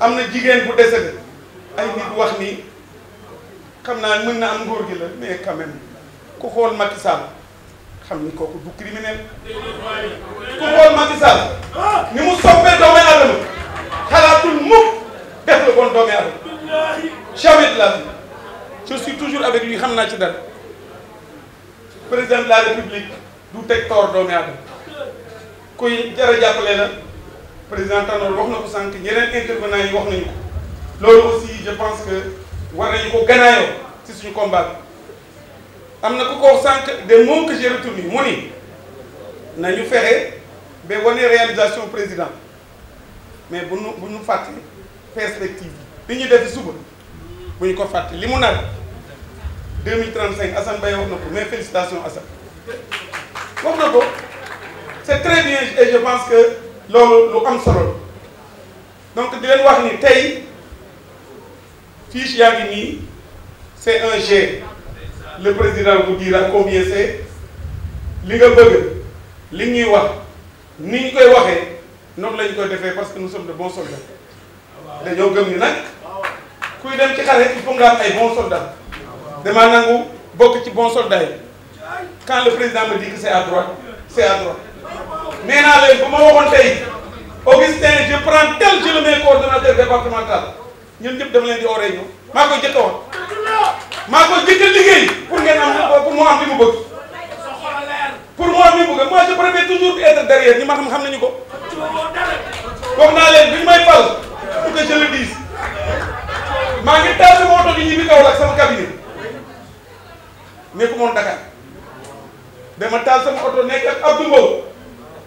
amna jigen bu décédé ay nit wax ni xamna naa mën na am ngor gi la mais quand même ko xol Macky Sall xam ni kooku du criminel ko xol Macky Sall ni mu soppee doomu aadama xalaatul muk def la bon doomu aadama jamais la je suis toujours avec lui xamna ci dal président de la république du tek tor doomu aadama kuy jara jàppale la président Tanor wax na ko sànq ñeneen intervenants yi wax nañu ko loolu aussi je pense que war nañu ko gànnaayoo ci suñu combat bi am na ko sànq des mots que j'ai retourné mu ni nañu fexe ba wane réalisation président mais bu ñu bu ñu fàtte perspective bi li ñuy def suba bu ñu ko fàtte li mu nar 2035 Assane Baye wax na ko mais félicitations Assane wax na ko c'est très bien et je pense que loolu lu am solo donc di leen wax ni tey fiche yaa ngi c'est un G le président vous dira combien c'est li nga vous li ñuy wax ni ñu koy waxee noonu la ñu koy parce que nous sommes de bons soldats dañoo gëm ni vous kuy dem ci xare il faut nga am ay bons soldats damaa nangu bokk ci bons soldats quand le président me dit que c'est à droite c'est à droite. nee naa leen bu ma waxoon tey Augustin je prends tel je le mets coordonnateur départemental ñun ñëpp dama leen di oree ñu maa koy jëkk a wax maa koy jëkk a liggéey pour ngeen am pour mu am li mu bëgg pour mu am li mu bëgg moi je préfère toujours être derrière ñi ma xam xam nañu ko wax naa leen bi ñu may fal pour que je le maa ngi taal sama oto bi ñibbi Kaolack sama cabinet nekku moon Dakar dama taal sama oto nekk ak Abdou Mbow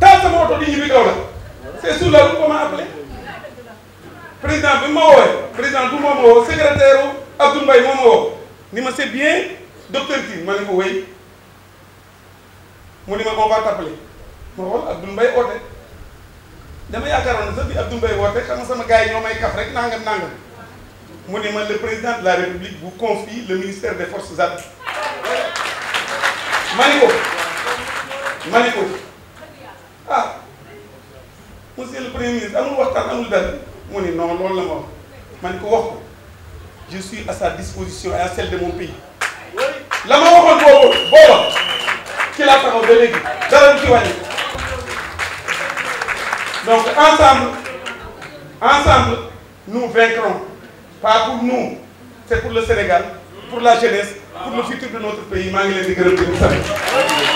taal sama oto di ñibbi Kaolack c'est sous la route qu'on m'a appelé président bi président du secrétaire u Momo. ni ma c'est bien docteur kii ma ne ko ni ma on va t'appeler ma xool Abdou Mbaye oote dama yaakaaroon sax bi Abdou Mbaye woote xam nga sama gars yi ñoo kaf rek nangam nangam mu ni ma le président de la république vous confie le ministère des forces armées ma ni ah monsieur le premier ministre amul waxtaan amul dal mu ne non loolu la ma wax ko wax je suis à sa disposition et à celle de mon pays. la ma waxon bobo bobo ki la taxaw ba léegi dara du ci donc ensemble ensemble nous vaincrons pas pour nous c'est pour le Sénégal pour la jeunesse pour le futur de notre pays mangi len di gërëm di